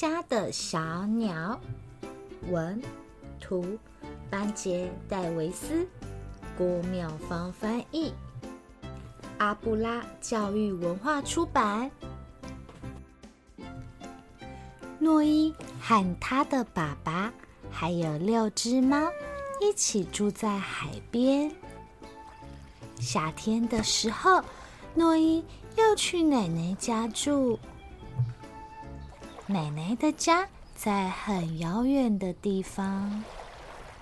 家的小鳥，文圖班杰·戴維斯，郭妙芳翻譯，阿布拉教育文化出版。諾伊和他的爸爸還有六隻貓一起住在海邊。夏天的時候，諾伊要去奶奶家住。奶奶的家在很遙遠的地方，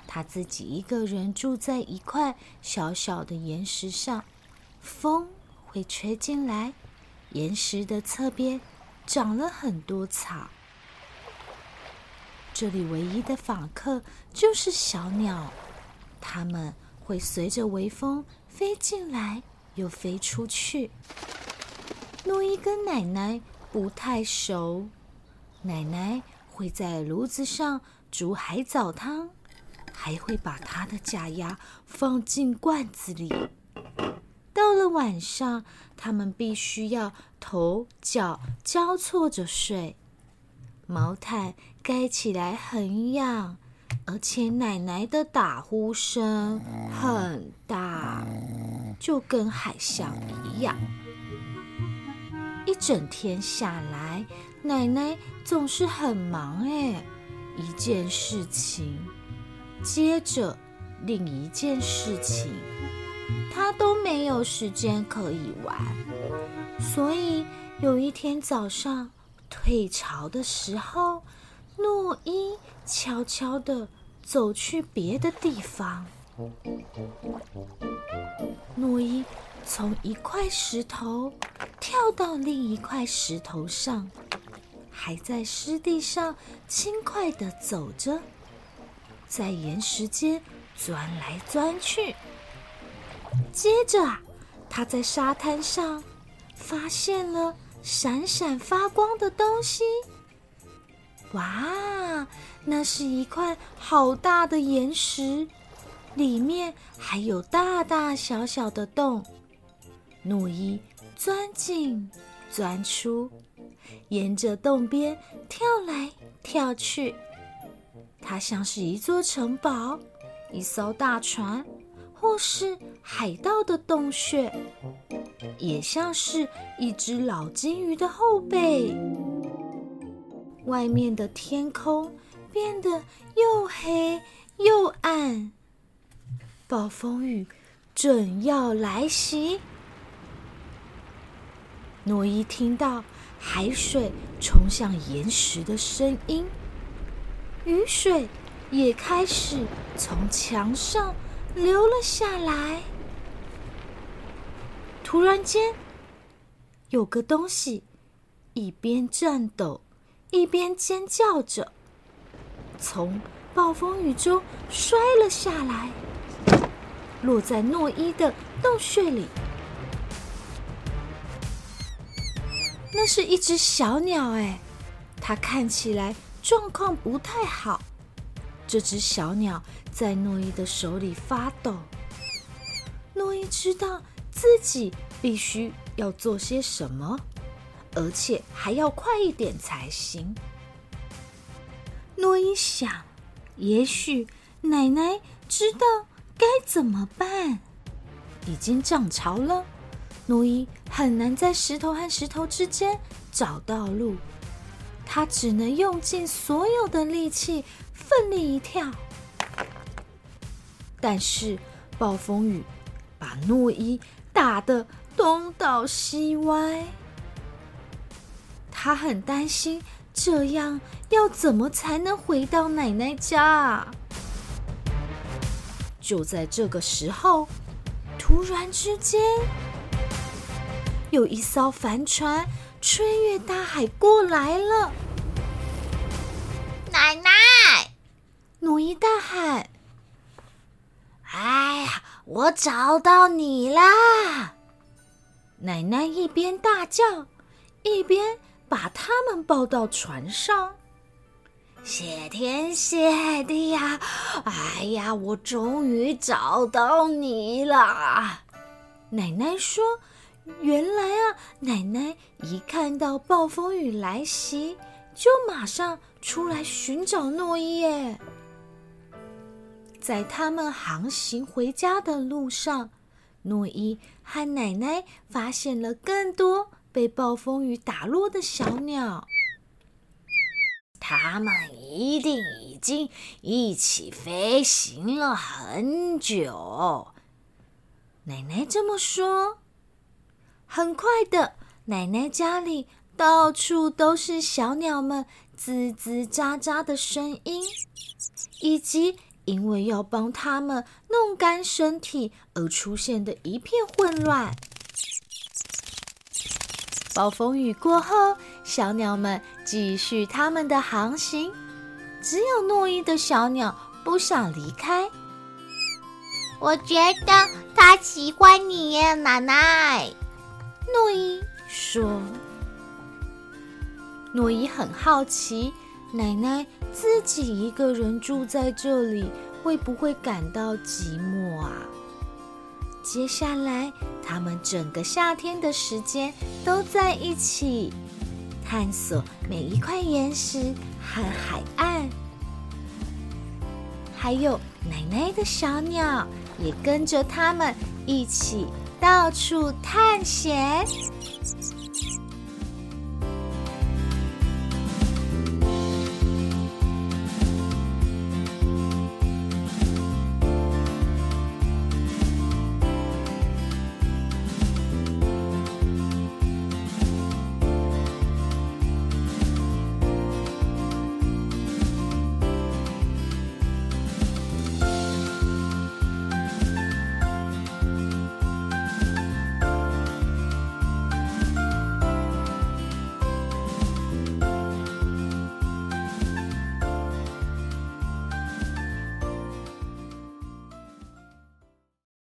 她自己一個人住在一塊小小的岩石上，風會吹進來，岩石的側邊長了很多草。這裡唯一的訪客就是小鳥，它們會隨着微風飛進來，又飛出去。諾伊跟奶奶不太熟。奶奶會在爐子上煮海藻湯，還會把她的假牙放進罐子裡。到了晚上，他們必須要頭腳交錯着睡。毛毯蓋起來很癢，而且奶奶的打呼聲很大，就跟海象一樣。一整天下來，奶奶。總是很忙哎，一件事情接着另一件事情，他都沒有時間可以玩。所以有一天早上退潮的時候，諾伊悄悄的走去別的地方。諾伊從一塊石頭跳到另一塊石頭上。還在濕地上輕快的走着，在岩石間鑽來鑽去。接着，他在沙灘上發現了閃閃發光的東西。哇，那是一塊好大的岩石，裡面還有大大小小的洞。諾伊鑽進，鑽出。沿着洞邊跳來跳去，它像是一座城堡，一艘大船，或是海盜的洞穴，也像是一隻老鯨魚的後背。外面的天空變得又黑又暗，暴風雨正要來襲。諾伊聽到。海水衝向岩石的聲音，雨水也開始從牆上流了下來。突然間，有個東西一邊顫抖，一邊尖叫着，從暴風雨中摔了下來，落在諾伊的洞穴裡。那是一只小鳥哎，它看起來狀況不太好。這只小鳥在諾伊的手裡發抖。諾伊知道自己必須要做些什麼，而且還要快一點才行。諾伊想，也許奶奶知道該怎麼辦。已經漲潮了。諾伊很難在石頭和石頭之間找到路，他只能用盡所有的力氣奮力一跳。但是暴風雨把諾伊打得東倒西歪，他很擔心這樣要怎麼才能回到奶奶家。就在這個時候，突然之間。有一艘帆船穿越大海過來了，奶奶，諾伊大喊！哎呀，我找到你啦！奶奶一邊大叫，一邊把他們抱到船上。謝天謝地呀、啊！哎呀，我終於找到你了！奶奶說。原來啊，奶奶一看到暴風雨來襲，就馬上出來尋找諾伊。在他們航行回家的路上，諾伊和奶奶發現了更多被暴風雨打落的小鳥。它們一定已經一起飛行了很久。奶奶這麼說。很快的，奶奶家裡到處都是小鳥們吱吱喳喳的聲音，以及因為要幫它們弄乾身體而出現的一片混亂。暴風雨過後，小鳥們繼續他們的航行，只有諾伊的小鳥不想離開。我覺得它喜歡你，奶奶。諾伊說：“諾伊很好奇，奶奶自己一個人住在這裡，會不會感到寂寞啊？”接下來，他們整個夏天的時間都在一起探索每一塊岩石和海岸，還有奶奶的小鳥也跟着他們一起到處探險。